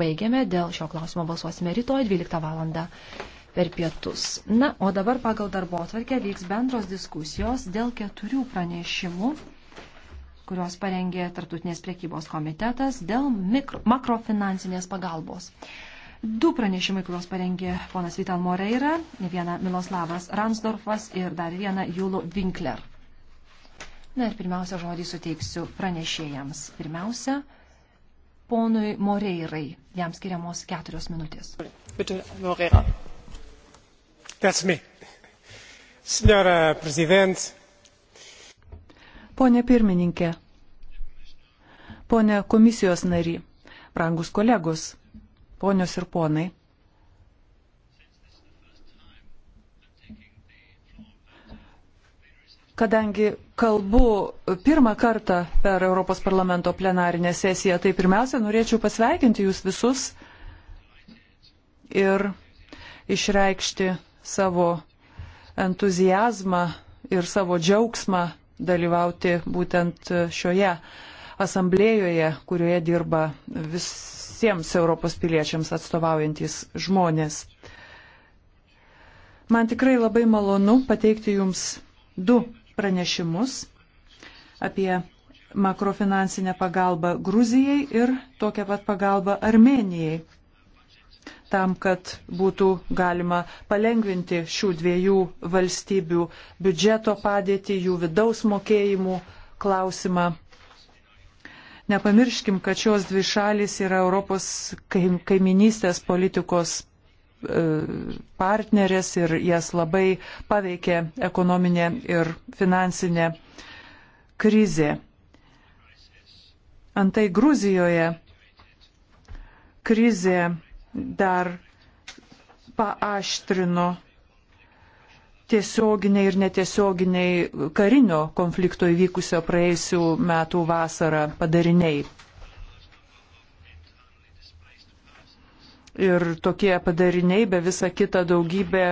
Baigiame, dėl šio klausimo balsuosime rytoj 12 val. per pietus. Na, o dabar pagal darbo atvarkę vyks bendros diskusijos dėl keturių pranešimų, kuriuos parengė Tartutinės priekybos komitetas dėl mikro, makrofinansinės pagalbos. Du pranešimai, kuriuos parengė ponas Vital Moreira, vieną Miloslavas Ransdorfas ir dar vieną Jūlų Winkler. Na ir pirmiausia, žodį suteiksiu pranešėjams. Pirmiausia, ponui Moreirai. Jam skiriamos keturios minutės. Bitte, Moreira. That's me. Senora prezident. Pone pirmininkė, pone komisijos nari, brangus kolegos, ponios ir ponai. kadangi kalbu pirmą kartą per Europos parlamento plenarinę sesiją, tai pirmiausia, norėčiau pasveikinti jūs visus ir išreikšti savo entuzijazmą ir savo džiaugsmą dalyvauti būtent šioje asamblėjoje, kurioje dirba visiems Europos piliečiams atstovaujantis žmonės. Man tikrai labai malonu pateikti Jums du pranešimus apie makrofinansinę pagalbą Gruzijai ir tokią pat pagalbą Armenijai, tam, kad būtų galima palengvinti šių dviejų valstybių biudžeto padėtį, jų vidaus mokėjimų klausimą. Nepamirškim, kad šios dvi šalis yra Europos kaiminystės politikos E, partnerės ir jas labai paveikė ekonominė ir finansinė krizė. Antai Gruzijoje krizė dar paaštrino tiesioginiai ir netiesioginiai karinio konflikto įvykusio praėjusių metų vasarą padariniai. ir tokie padariniai be visa kita daugybė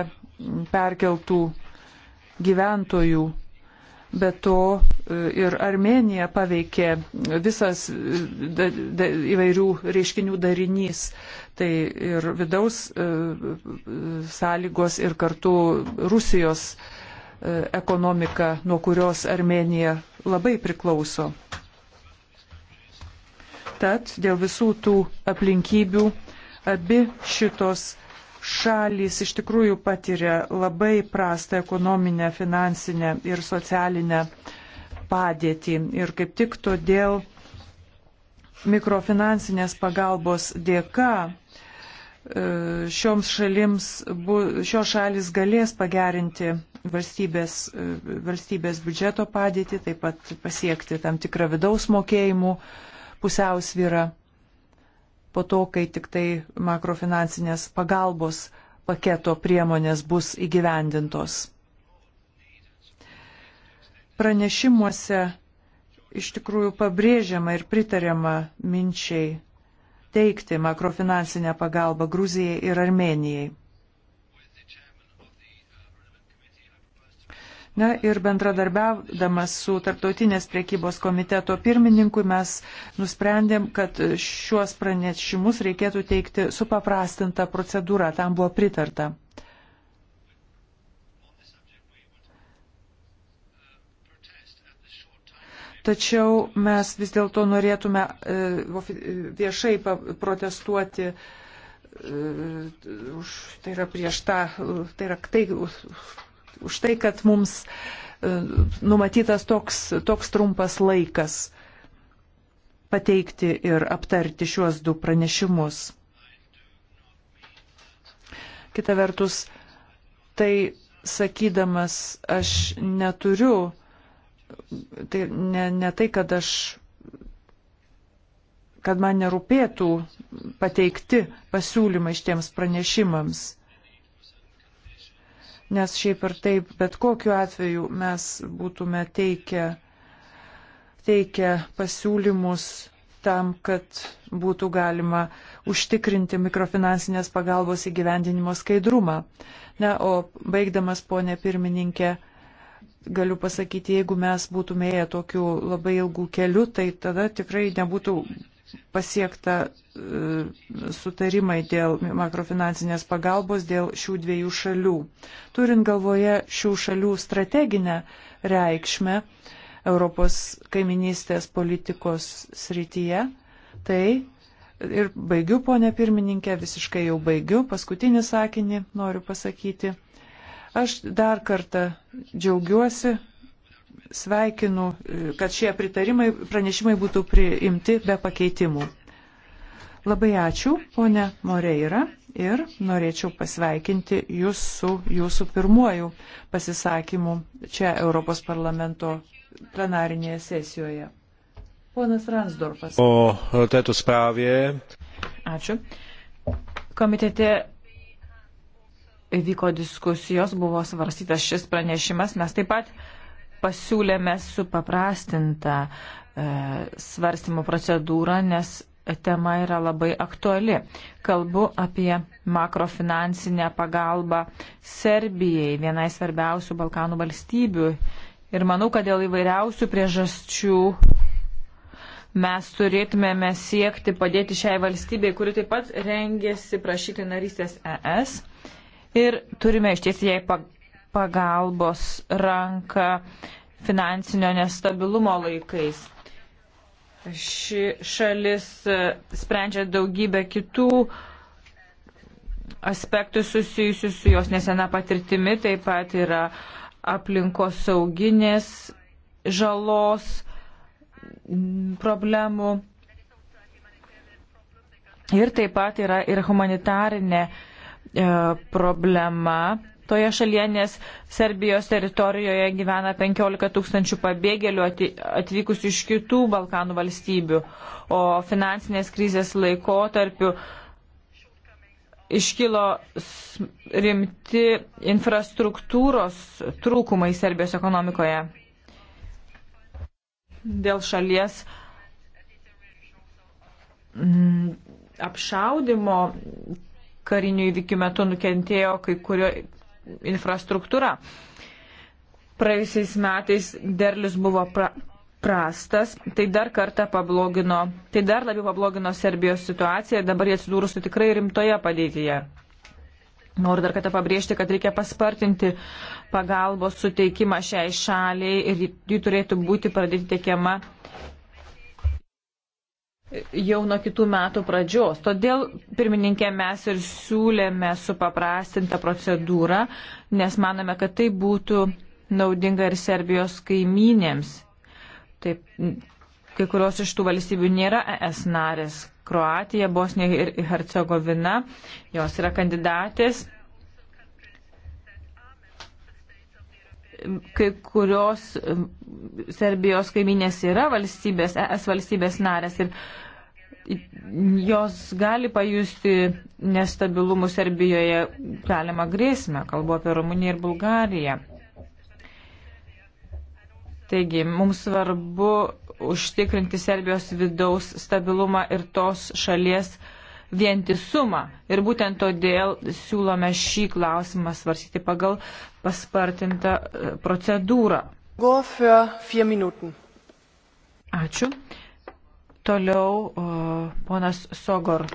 perkeltų gyventojų. Be to e, ir Armenija paveikė visas da, da, įvairių reiškinių darinys. Tai ir vidaus e, sąlygos ir kartu Rusijos e, ekonomika, nuo kurios Armenija labai priklauso. Tad dėl visų tų aplinkybių Abi šitos šalys iš tikrųjų patiria labai prastą ekonominę, finansinę ir socialinę padėtį. Ir kaip tik todėl mikrofinansinės pagalbos dėka e, šioms šalims, šios šalis galės pagerinti valstybės, e, valstybės biudžeto padėtį, taip pat pasiekti tam tikrą vidaus mokėjimų pusiausvyrą po to, kai tik tai makrofinansinės pagalbos paketo priemonės bus įgyvendintos. Pranešimuose iš tikrųjų pabrėžiama ir pritariama minčiai teikti makrofinansinę pagalbą Gruzijai ir Armenijai. Na ir bendradarbiavdamas su Tarptautinės priekybos komiteto pirmininku mes nusprendėm, kad šiuos pranešimus reikėtų teikti supaprastinta procedūra. Tam buvo pritarta. Tačiau mes vis dėlto norėtume e, e, viešai protestuoti e, už, tai yra prieš tą, tai yra tai, už tai, kad mums e, numatytas toks, toks trumpas laikas pateikti ir aptarti šiuos du pranešimus. Kita vertus, tai sakydamas aš neturiu, tai ne, ne tai, kad aš kad man nerūpėtų pateikti pasiūlymai šitiems pranešimams nes šiaip ir taip, bet kokiu atveju mes būtume teikę, teikę pasiūlymus tam, kad būtų galima užtikrinti mikrofinansinės pagalbos įgyvendinimo skaidrumą. Na, o baigdamas, ponė pirmininkė, galiu pasakyti, jeigu mes būtume ėję tokiu labai ilgu keliu, tai tada tikrai nebūtų pasiektą e, sutarimai dėl makrofinansinės pagalbos dėl šių dviejų šalių. Turint galvoje šių šalių strateginę reikšmę Europos kaiminystės politikos srityje, tai ir baigiu, ponė pirmininkė, visiškai jau baigiu, paskutinį sakinį noriu pasakyti. Aš dar kartą džiaugiuosi sveikinu, kad šie pritarimai, pranešimai būtų priimti be pakeitimų. Labai ačiū, ponė Moreira, ir norėčiau pasveikinti Jūs su Jūsų pirmuoju pasisakymu čia Europos parlamento plenarinėje sesijoje. Ponas Ransdorfas. O tėtų spravė. Ačiū. Komitete vyko diskusijos, buvo svarstytas šis pranešimas. Mes taip pat pasiūlėme supaprastintą e, svarstymo procedūrą, nes tema yra labai aktuali. Kalbu apie makrofinansinę pagalbą Serbijai, vienai svarbiausių Balkanų valstybių. Ir manau, kad dėl įvairiausių priežasčių mes turėtumėme siekti padėti šiai valstybei, kuri taip pat rengėsi prašyti narystės ES. Ir turime iš ties jai pagalbos ranką finansinio nestabilumo laikais. Ši šalis sprendžia daugybę kitų aspektų susijusių su jos nesena patirtimi, taip pat yra aplinkos sauginės žalos problemų. Ir taip pat yra ir humanitarinė e, problema, toje šalyje, nes Serbijos teritorijoje gyvena 15 tūkstančių pabėgėlių atvykusių iš kitų Balkanų valstybių, o finansinės krizės laikotarpiu iškilo rimti infrastruktūros trūkumai Serbijos ekonomikoje. Dėl šalies mm, apšaudimo karinių įvykių metu nukentėjo kai kurio infrastruktūra. Praėjusiais metais derlius buvo pra, prastas, tai dar kartą pablogino, tai dar labiau pablogino Serbijos situaciją ir dabar jie atsidūrusi tikrai rimtoje padėtyje. Noriu dar kartą pabrėžti, kad reikia paspartinti pagalbos suteikimą šiai šaliai ir ji turėtų būti pradėti tiekiama jau nuo kitų metų pradžios. Todėl, pirmininkė, mes ir siūlėme supaprastintą procedūrą, nes manome, kad tai būtų naudinga ir Serbijos kaimynėms. Taip, kai kurios iš tų valstybių nėra ES narės. Kroatija, Bosnija ir Hercegovina, jos yra kandidatės kai kurios Serbijos kaiminės yra valstybės, es valstybės narės ir jos gali pajusti nestabilumų Serbijoje galima grėsmę, kalbu apie Rumuniją ir Bulgariją. Taigi, mums svarbu užtikrinti Serbijos vidaus stabilumą ir tos šalies uh, vientisumą. Ir būtent todėl siūlome šį klausimą svarsyti pagal paspartintą e, procedūrą. Ačiū. Toliau o, e, ponas Sogor.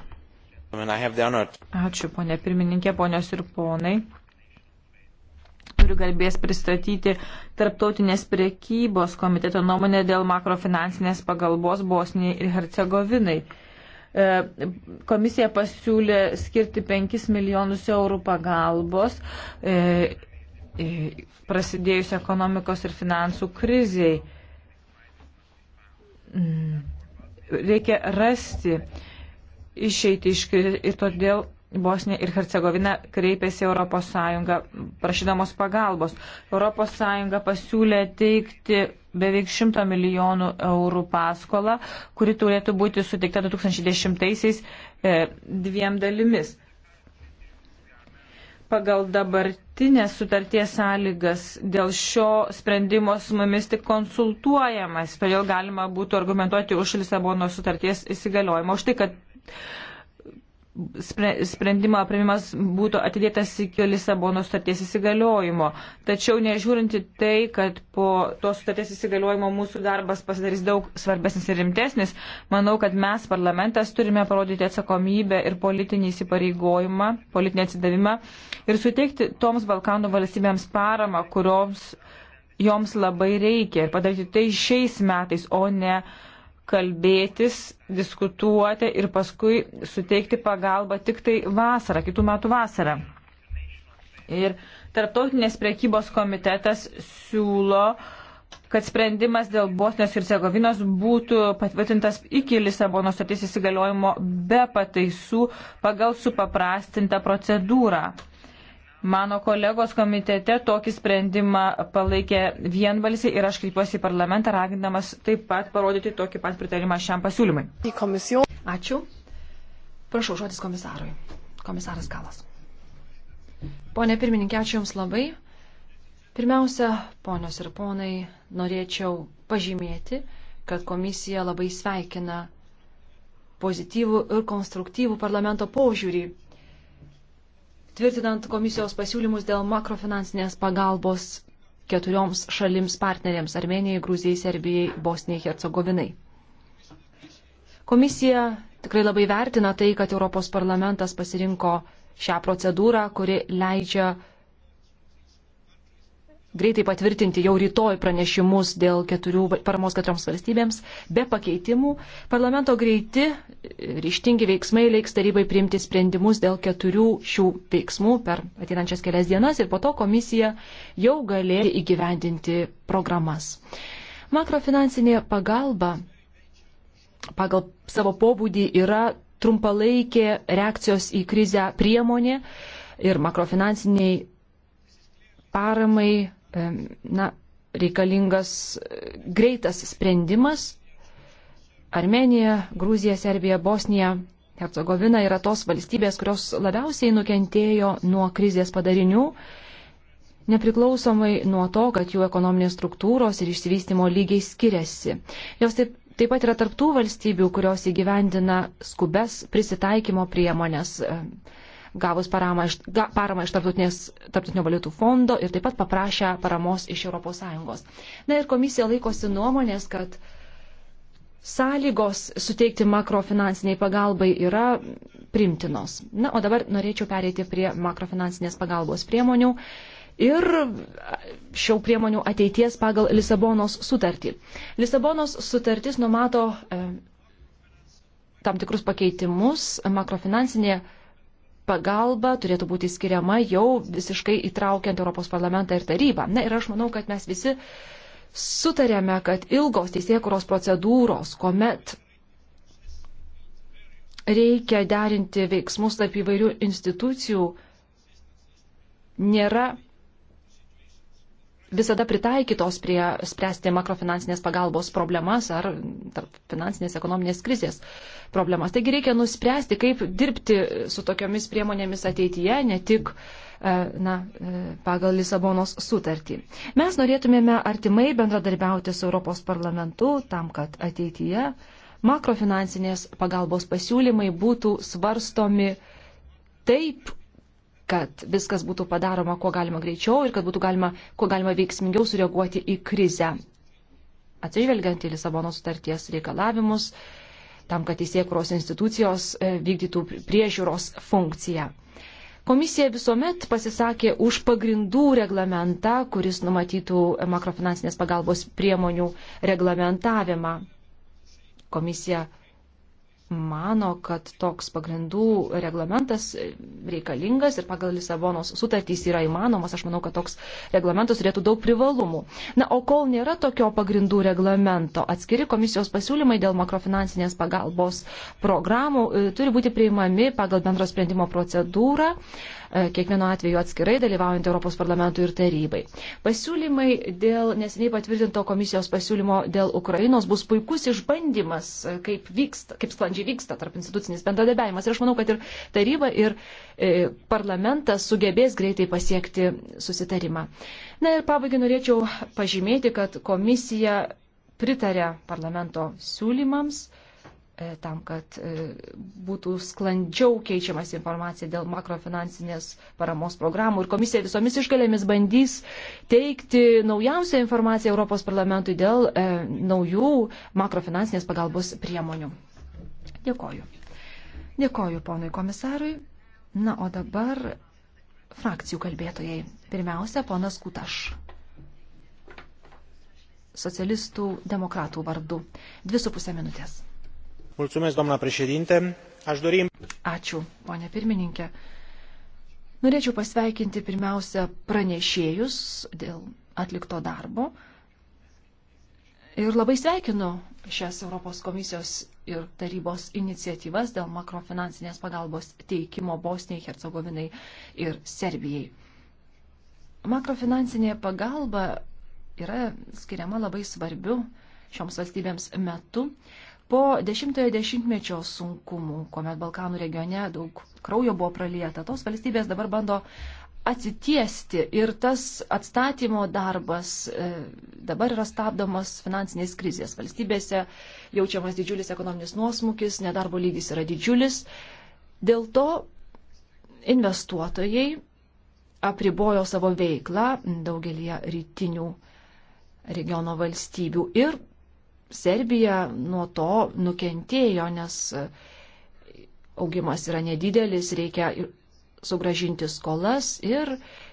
Ačiū, ponė pirmininkė, ponios ir ponai turiu garbės pristatyti Tarptautinės priekybos komiteto nuomonę dėl makrofinansinės pagalbos Bosnijai ir Hercegovinai. E, komisija pasiūlė skirti 5 milijonus eurų pagalbos e, e, prasidėjus ekonomikos ir finansų kriziai. Mm, reikia rasti išeiti iš krizės ir todėl Bosnija ir Hercegovina kreipėsi ES prašydamos pagalbos. ES pasiūlė teikti beveik 100 milijonų eurų paskolą, kuri turėtų būti suteikta 2010-aisiais e, dviem dalimis. Pagal dabartinės sutarties sąlygas dėl šio sprendimo su mumis tik konsultuojamas, todėl galima būtų argumentuoti už Lisabono sutarties įsigaliojimą, už tai, kad sprendimo aprimimas būtų atidėtas iki Lisabono sutarties įsigaliojimo. Tačiau nežiūrinti tai, kad po tos sutarties įsigaliojimo mūsų darbas pasidarys daug svarbesnis ir rimtesnis, manau, kad mes, parlamentas, turime parodyti atsakomybę ir politinį įsipareigojimą, politinį atsidavimą ir suteikti toms Balkanų valstybėms paramą, kurioms joms labai reikia ir padaryti tai šiais metais, o ne uh, kalbėtis, diskutuoti ir paskui suteikti pagalbą tik tai vasarą, kitų metų vasarą. Ir Tarptautinės priekybos komitetas siūlo, kad sprendimas dėl Bosnijos ir Cegovinos būtų patvirtintas iki Lisabono sutarties įsigaliojimo be pataisų pagal supaprastintą procedūrą. Mano kolegos komitete tokį sprendimą palaikė vienbalsiai ir aš kreipiuosi į parlamentą, ragindamas taip pat parodyti tokį pat pritarimą šiam pasiūlymui. Ačiū. Prašau, žodis komisarui. Komisaras Kalas. Pone pirmininkė, ačiū Jums labai. Pirmiausia, ponios ir ponai, norėčiau pažymėti, kad komisija labai sveikina pozityvų ir konstruktyvų parlamento požiūrį tvirtinant komisijos pasiūlymus dėl makrofinansinės pagalbos keturioms šalims partneriams - Armenijai, Gruzijai, Serbijai, Bosnijai, Hercegovinai. Komisija tikrai labai vertina tai, kad Europos parlamentas pasirinko šią procedūrą, kuri leidžia greitai patvirtinti jau rytoj pranešimus dėl keturių paramos keturioms valstybėms be pakeitimų. Parlamento greiti ryštingi veiksmai leiks tarybai priimti sprendimus dėl keturių šių veiksmų per ateinančias kelias dienas ir po to komisija jau galės įgyvendinti programas. Makrofinansinė pagalba pagal savo pobūdį yra trumpalaikė reakcijos į krizę priemonė ir makrofinansinei paramai na, reikalingas e, greitas sprendimas. Armenija, Gruzija, Serbija, Bosnija, Hercegovina yra tos valstybės, kurios labiausiai nukentėjo nuo krizės padarinių, nepriklausomai nuo to, kad jų ekonominės struktūros ir išsivystimo lygiai skiriasi. Jos taip Taip pat yra tarptų valstybių, kurios įgyvendina skubes prisitaikymo priemonės, gavus paramą iš, ga, paramą iš tarptautinio valiutų fondo ir taip pat paprašę paramos iš ES. Na ir komisija laikosi nuomonės, kad sąlygos suteikti makrofinansiniai pagalbai yra primtinos. Na, o dabar norėčiau pereiti prie makrofinansinės pagalbos priemonių ir šių priemonių ateities pagal Lisabonos sutartį. Lisabonos sutartis numato e, tam tikrus pakeitimus makrofinansinė pagalba pagalba turėtų būti skiriama jau visiškai įtraukiant Europos parlamentą ir tarybą. Na ir aš manau, kad mes visi sutarėme, kad ilgos teisėkuros procedūros, kuomet reikia derinti veiksmus tarp įvairių institucijų, nėra visada pritaikytos prie spręsti makrofinansinės pagalbos problemas ar finansinės ekonominės krizės problemas. Taigi reikia nuspręsti, kaip dirbti su tokiomis priemonėmis ateityje, ne tik e, na, e, pagal Lisabonos sutartį. Mes norėtumėme artimai bendradarbiauti su Europos parlamentu tam, kad ateityje makrofinansinės pagalbos pasiūlymai būtų svarstomi taip, kad viskas būtų padaroma kuo galima greičiau ir kad būtų galima, kuo galima veiksmingiau sureaguoti į krizę. Atsižvelgiant į Lisabono sutarties reikalavimus, tam, kad įsiekros institucijos e, vykdytų priežiūros funkciją. Komisija visuomet pasisakė už pagrindų reglamentą, kuris numatytų makrofinansinės pagalbos priemonių reglamentavimą. Komisija mano, kad toks pagrindų reglamentas reikalingas ir pagal Lisabonos sutartys yra įmanomas. Aš manau, kad toks reglamentas turėtų daug privalumų. Na, o kol nėra tokio pagrindų reglamento, atskiri komisijos pasiūlymai dėl makrofinansinės pagalbos programų e, turi būti priimami pagal bendro sprendimo procedūrą, e, kiekvieno atveju atskirai dalyvaujant Europos parlamentui ir tarybai. Pasiūlymai dėl neseniai patvirtinto komisijos pasiūlymo dėl Ukrainos bus puikus išbandymas, e, kaip, vyksta, kaip sklandžiai vyksta tarp institucinis bendradarbiavimas. Ir aš manau, kad ir taryba, ir E, parlamentas sugebės greitai pasiekti susitarimą. Na ir pabaigai norėčiau pažymėti, kad komisija pritarė parlamento siūlymams e, tam, kad e, būtų sklandžiau keičiamas informacija dėl makrofinansinės paramos programų. Ir komisija visomis išgalėmis bandys teikti naujausią informaciją Europos parlamentui dėl e, naujų makrofinansinės pagalbos priemonių. Dėkoju. Dėkoju ponui komisarui. Na, o dabar frakcijų kalbėtojai. Pirmiausia, ponas Kutaš. Socialistų demokratų vardu. Dvi su pusė minutės. Mulțumesc, doamna președinte. Aș dori... Ačiū, ponė pirmininkė. Norėčiau pasveikinti pirmiausia pranešėjus dėl atlikto darbo. Ir labai sveikinu šias Europos komisijos ir tarybos iniciatyvas dėl makrofinansinės pagalbos teikimo Bosnijai, Hercegovinai ir Serbijai. Makrofinansinė pagalba yra skiriama labai svarbiu šioms valstybėms metu. Po dešimtojo dešimtmečio sunkumų, kuomet Balkanų regione daug kraujo buvo pralieta, tos valstybės dabar bando atsitiesti ir tas atstatymo darbas e, dabar yra stabdomas finansinės krizės. Valstybėse jaučiamas didžiulis ekonominis nuosmukis, nedarbo lygis yra didžiulis. Dėl to investuotojai apribojo savo veiklą daugelį rytinių regiono valstybių ir Serbija nuo to nukentėjo, nes augimas yra nedidelis, reikia sugražinti skolas ir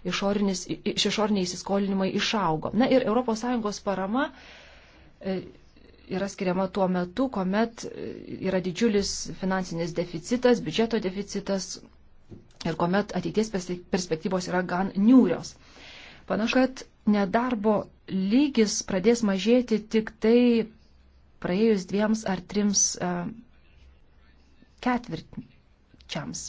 išorinis, iš išoriniai įsiskolinimai išaugo. Na ir ES parama e, yra skiriama tuo metu, kuomet e, yra didžiulis finansinis deficitas, biudžeto deficitas ir kuomet ateities perspektyvos yra gan niūrios. Panašu, kad nedarbo lygis pradės mažėti tik tai praėjus dviems ar trims e, ketvirčiams.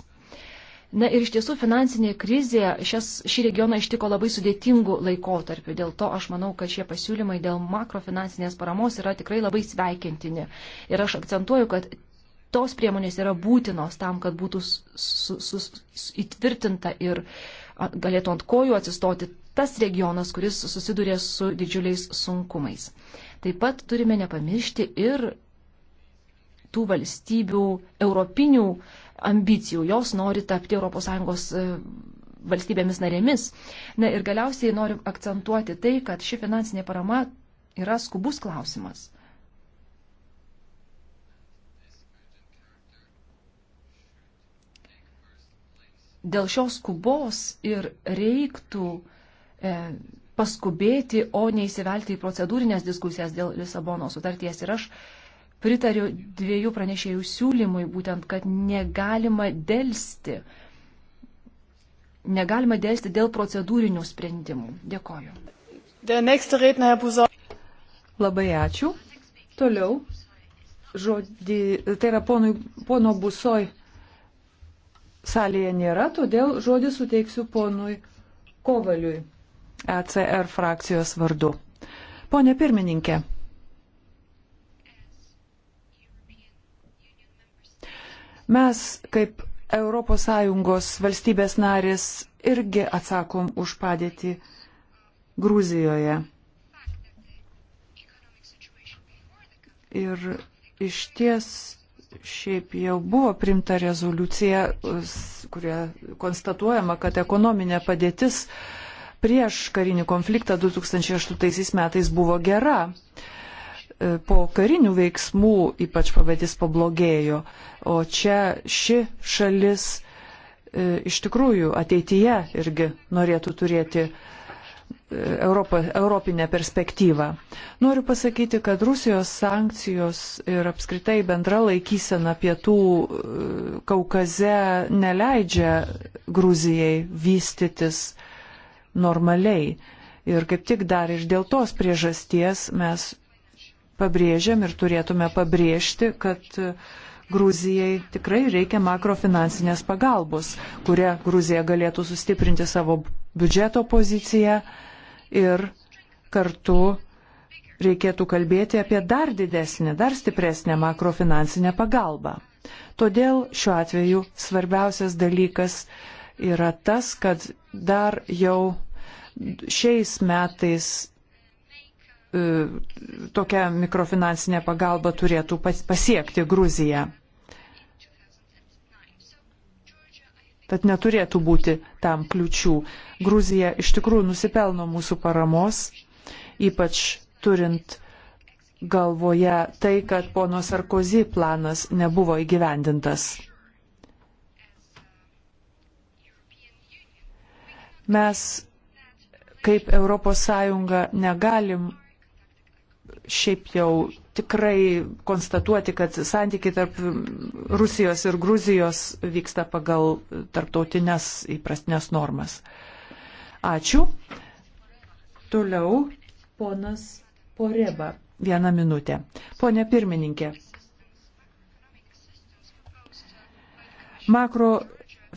Na ir iš tiesų finansinė krizė šias, šį regioną ištiko labai sudėtingų laikotarpių. Dėl to aš manau, kad šie pasiūlymai dėl makrofinansinės paramos yra tikrai labai sveikintini. Ir aš akcentuoju, kad tos priemonės yra būtinos tam, kad būtų su, su, su, įtvirtinta ir galėtų ant kojų atsistoti tas regionas, kuris susidurė su didžiuliais sunkumais. Taip pat turime nepamiršti ir tų valstybių europinių ambicijų, jos nori tapti ES e, valstybėmis narėmis. Na ir galiausiai noriu akcentuoti tai, kad ši finansinė parama yra skubus klausimas. Dėl šios skubos ir reiktų e, paskubėti, o neįsivelti į procedūrinės diskusijas dėl Lisabono sutarties. Ir aš e, Pritariu dviejų pranešėjų siūlymui, būtent, kad negalima dėlsti. Negalima dėlsti dėl procedūrinių sprendimų. Dėkoju. Labai ačiū. Toliau žodį, tai yra ponui, pono Busoj salėje nėra, todėl žodį suteiksiu ponui Kovaliui ECR frakcijos vardu. Pone pirmininkė, Mes kaip ES valstybės narės irgi atsakom už padėtį Gruzijoje. Ir iš ties šiaip jau buvo primta rezoliucija, kurioje konstatuojama, kad ekonominė padėtis prieš karinį konfliktą 2008 metais buvo gera. E, po karinių veiksmų ypač pavadys pablogėjo, o čia ši šalis e, iš tikrųjų ateityje irgi norėtų turėti e, Europą, europinę perspektyvą. Noriu pasakyti, kad Rusijos sankcijos ir apskritai bendra laikysena pietų Kaukaze neleidžia Gruzijai vystytis normaliai. Ir kaip tik dar ir dėl tos priežasties mes pabrėžiam ir turėtume pabrėžti, kad Gruzijai tikrai reikia makrofinansinės pagalbos, kuria Gruzija galėtų sustiprinti savo biudžeto poziciją ir kartu reikėtų kalbėti apie dar didesnį, dar stipresnę makrofinansinę pagalbą. Todėl šiuo atveju svarbiausias dalykas yra tas, kad dar jau šiais metais E, tokia mikrofinansinė pagalba turėtų pasiekti Gruziją. Tad neturėtų būti tam kliučių. Gruzija iš tikrųjų nusipelno mūsų paramos, ypač turint galvoje tai, kad pono Sarkozy planas nebuvo įgyvendintas. Mes kaip ES negalim šiaip jau tikrai konstatuoti, kad santykiai tarp Rusijos ir Gruzijos vyksta pagal tarptautinės įprastinės normas. Ačiū. Toliau ponas Poreba. Vieną minutę. Pone pirmininkė. Makro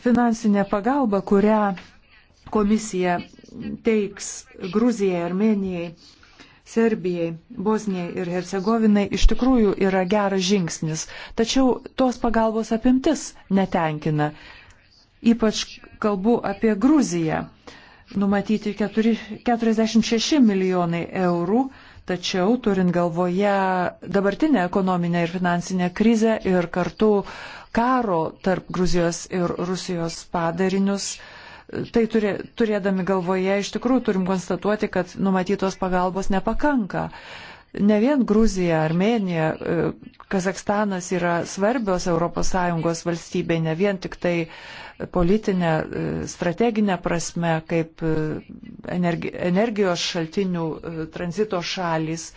finansinė pagalba, kurią komisija teiks Gruzijai, Armenijai, Serbijai, Bosnijai ir Hercegovinai iš tikrųjų yra geras žingsnis, tačiau tos pagalbos apimtis netenkina. Ypač kalbu apie Gruziją. Numatyti 4, 46 milijonai eurų, tačiau turint galvoje dabartinę ekonominę ir finansinę krizę ir kartu karo tarp Gruzijos ir Rusijos padarinius, uh, Tai turė, turėdami galvoje, iš tikrųjų turim konstatuoti, kad numatytos pagalbos nepakanka. Ne vien Gruzija, Armenija, e, Kazakstanas yra svarbios ES valstybei, ne vien tik tai politinė, e, strateginė prasme, kaip e, energijos šaltinių tranzito šalis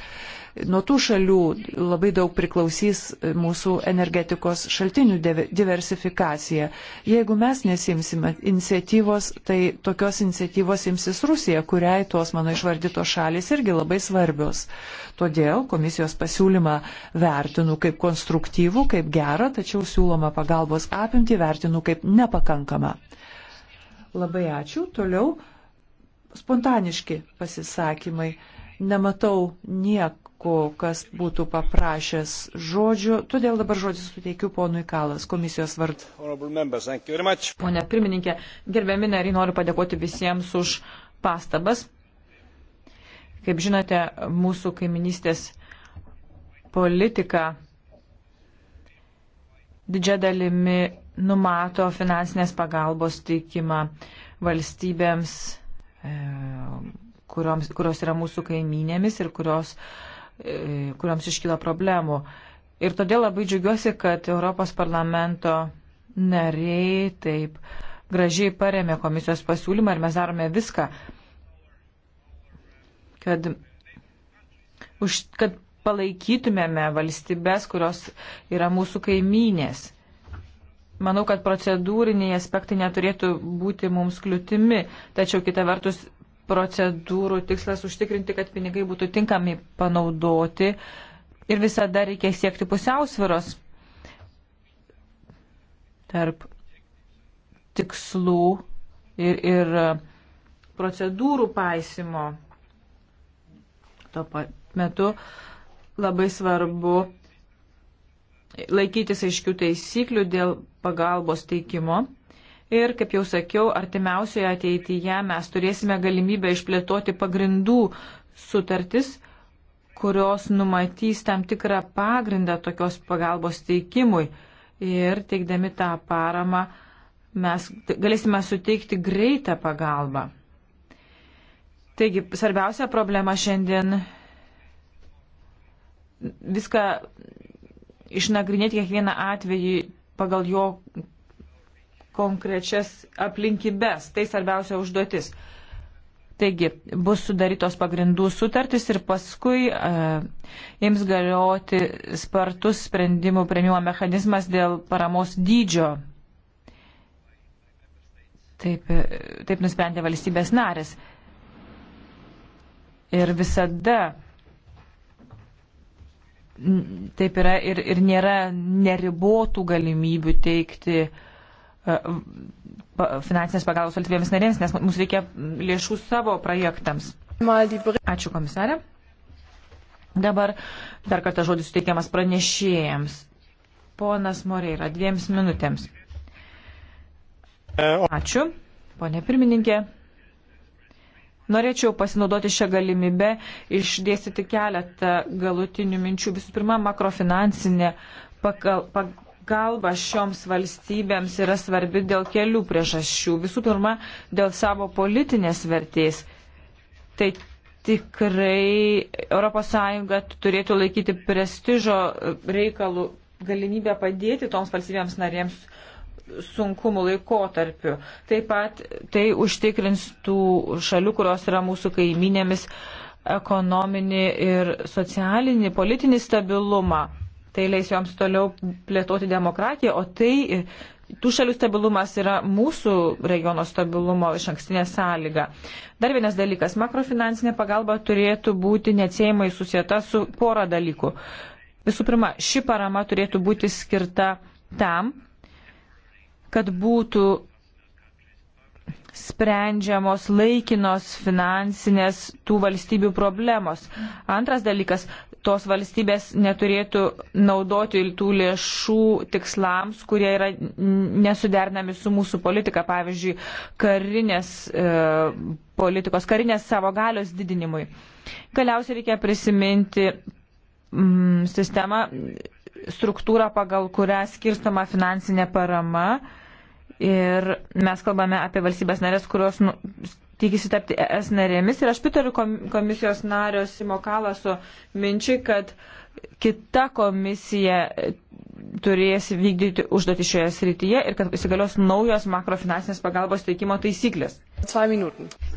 nuo tų šalių labai daug priklausys mūsų energetikos šaltinių diversifikacija. Jeigu mes nesimsime iniciatyvos, tai tokios iniciatyvos imsis Rusija, kuriai tos mano išvardytos šalis irgi labai svarbios. Todėl komisijos pasiūlymą vertinu kaip konstruktyvų, kaip gerą, tačiau siūloma pagalbos apimti vertinu kaip nepakankamą. Labai ačiū. Toliau spontaniški pasisakymai nematau niek, kas būtų paprašęs žodžių. Todėl dabar žodžius suteikiu ponui Kalas, komisijos vardu. Pone pirmininkė, gerbiami nariai, noriu padėkoti visiems už pastabas. Kaip žinote, mūsų kaiminystės politika didžia dalimi numato finansinės pagalbos teikimą valstybėms, e, kurioms, kurios yra mūsų kaiminėmis ir kurios uh, E, kuriams iškyla problemų. Ir todėl labai džiugiuosi, kad Europos parlamento nariai taip gražiai paremė komisijos pasiūlymą ir mes darome viską, kad, už, kad palaikytumėme valstybės, kurios yra mūsų kaimynės. Manau, kad procedūriniai aspektai neturėtų būti mums kliūtimi, tačiau kita vertus procedūrų tikslas užtikrinti, kad pinigai būtų tinkami panaudoti ir visada reikia siekti pusiausviros tarp tikslų ir, ir procedūrų paisimo. Tuo pat metu labai svarbu laikytis aiškių taisyklių dėl pagalbos teikimo. Ir, kaip jau sakiau, artimiausioje ateityje mes turėsime galimybę išplėtoti pagrindų sutartis, kurios numatys tam tikrą pagrindą tokios pagalbos teikimui. Ir teikdami tą paramą mes galėsime suteikti greitą pagalbą. Taigi, svarbiausia problema šiandien viską išnagrinėti kiekvieną atvejį pagal jo konkrečias aplinkybės. Tai svarbiausia užduotis. Taigi, bus sudarytos pagrindų sutartys ir paskui e, jiems galioti spartus sprendimų prieimimo mechanizmas dėl paramos dydžio. Taip, e, taip nusprendė valstybės narės. Ir visada taip yra ir, ir nėra neribotų galimybių teikti uh, E, finansinės pagalbos valstybėms narėms, nes mums reikia lėšų savo projektams. Ačiū komisarė. Dabar dar kartą žodis suteikiamas pranešėjams. Ponas Moreira, dviems minutėms. Ačiū, ponė pirmininkė. Norėčiau pasinaudoti šią galimybę išdėstyti keletą galutinių minčių. Visų pirma, makrofinansinė pakal, pak, pagalba šioms valstybėms yra svarbi dėl kelių priežasčių. Visų pirma, dėl savo politinės vertės. Tai tikrai ES turėtų laikyti prestižo reikalų galimybę padėti toms valstybėms narėms sunkumų laikotarpiu. Taip pat tai užtikrins tų šalių, kurios yra mūsų kaiminėmis, ekonominį ir socialinį, politinį stabilumą. Tai leis joms toliau plėtoti demokratiją, o tai tų šalių stabilumas yra mūsų regiono stabilumo iš ankstinė sąlyga. Dar vienas dalykas - makrofinansinė pagalba turėtų būti neatsiejamai susieta su pora dalykų. Visų pirma, ši parama turėtų būti skirta tam, kad būtų sprendžiamos laikinos finansinės tų valstybių problemos. Antras dalykas tos valstybės neturėtų naudoti tų lėšų tikslams, kurie yra nesudernami su mūsų politika, pavyzdžiui, karinės e, politikos, karinės savo galios didinimui. Galiausiai reikia prisiminti mm, sistemą, struktūrą, pagal kurią skirstoma finansinė parama. Ir mes kalbame apie valstybės narės, kurios nu, tikisi tapti ES narėmis. Ir aš pritariu komisijos nario Simo Kalaso minčiai, kad kita komisija e, turės vykdyti užduotį šioje srityje ir kad įsigalios naujos makrofinansinės pagalbos teikimo taisyklės.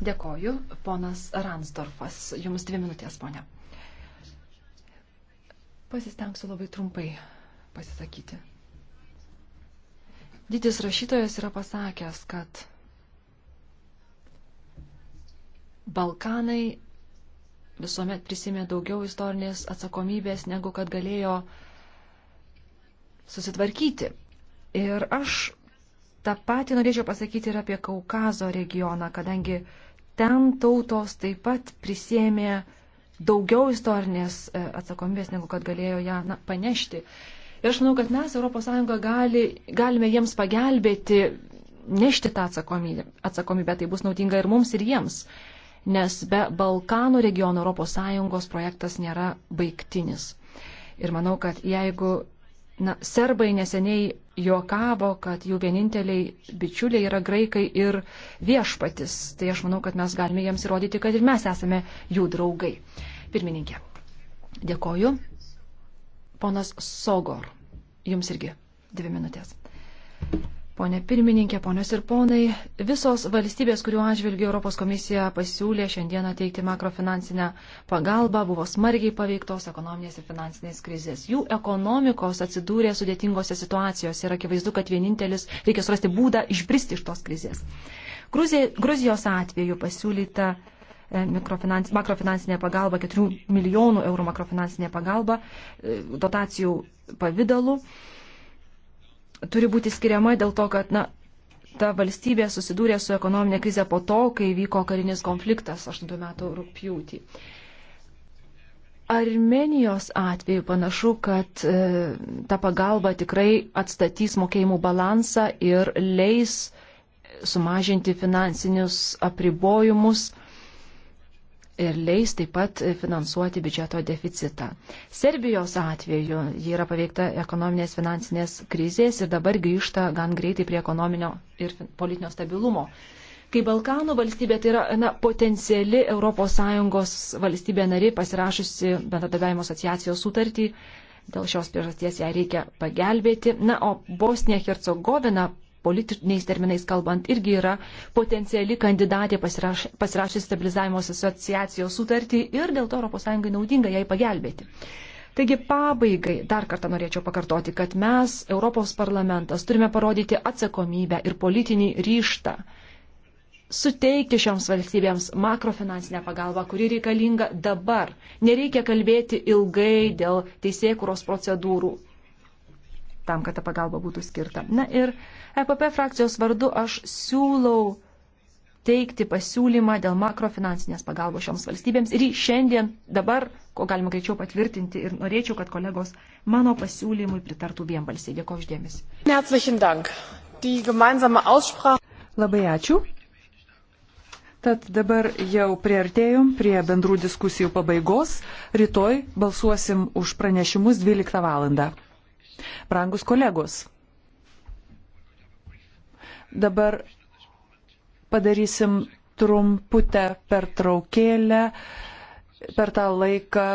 Dėkoju, ponas Ransdorfas. Jums dvi minutės, ponia. Pasistengsiu labai trumpai pasisakyti. Didis rašytojas yra pasakęs, kad Balkanai visuomet prisimė daugiau istorinės atsakomybės, negu kad galėjo susitvarkyti. Ir aš tą patį norėčiau pasakyti ir apie Kaukazo regioną, kadangi ten tautos taip pat prisėmė daugiau istorinės e, atsakomybės, negu kad galėjo ją na, panešti. Ir aš manau, kad mes, ES, gali, galime jiems pagelbėti nešti tą atsakomybę. atsakomybę. Tai bus naudinga ir mums, ir jiems. Uh, nes be Balkanų regiono ES projektas nėra baigtinis. Ir manau, kad jeigu na, serbai neseniai juokavo, kad jų vieninteliai bičiuliai yra graikai ir viešpatis, tai aš manau, kad mes galime jiems įrodyti, kad ir mes esame jų draugai. Pirmininkė, dėkoju. Ponas Sogor, jums irgi dvi minutės. Pone pirmininkė, ponios ir ponai, visos valstybės, kurių atžvilgių Europos komisija pasiūlė šiandieną teikti makrofinansinę pagalbą, buvo smarkiai paveiktos ekonominės ir finansinės krizės. Jų ekonomikos atsidūrė sudėtingose situacijose ir akivaizdu, kad vienintelis reikia surasti būdą išbristi iš tos krizės. Gruzija, Gruzijos atveju pasiūlyta e, mikrofinans, makrofinansinė pagalba, 4 milijonų eurų makrofinansinė pagalba e, dotacijų pavydalu turi būti skiriama dėl to, kad na, ta valstybė susidūrė su ekonominė krize po to, kai vyko karinis konfliktas 8 metų rūpjūtį. Armenijos atveju panašu, kad e, ta pagalba tikrai atstatys mokėjimų balansą ir leis sumažinti finansinius apribojimus ir leis taip pat finansuoti biudžeto deficitą. Serbijos atveju ji yra paveikta ekonominės finansinės krizės ir dabar grįžta gan greitai prie ekonominio ir politinio stabilumo. Kai Balkanų valstybė tai yra na, potenciali ES valstybė nari pasirašusi bendradarbiavimo asociacijos sutartį, dėl šios priežasties ją reikia pagelbėti. Na, o Bosnija Hercegovina politiniais terminais kalbant, irgi yra potenciali kandidatė pasiraš, pasirašė stabilizavimo asociacijos sutartį ir dėl to ES naudinga jai pagelbėti. Taigi pabaigai dar kartą norėčiau pakartoti, kad mes, Europos parlamentas, turime parodyti atsakomybę ir politinį ryštą suteikti šioms valstybėms makrofinansinę pagalbą, kuri reikalinga dabar. Nereikia kalbėti ilgai dėl teisėkuros procedūrų tam, kad ta pagalba būtų skirta. Na ir EPP frakcijos vardu aš siūlau teikti pasiūlymą dėl makrofinansinės pagalbos šioms valstybėms ir jį šiandien dabar, ko galima greičiau patvirtinti ir norėčiau, kad kolegos mano pasiūlymui pritartų vienbalsiai. Dėkoju uždėmesi. Labai ačiū. Tad dabar jau prieartėjom prie bendrų diskusijų pabaigos. Rytoj balsuosim už pranešimus 12 valandą. Brangus kolegos, dabar padarysim trumputę pertraukėlę. Per tą laiką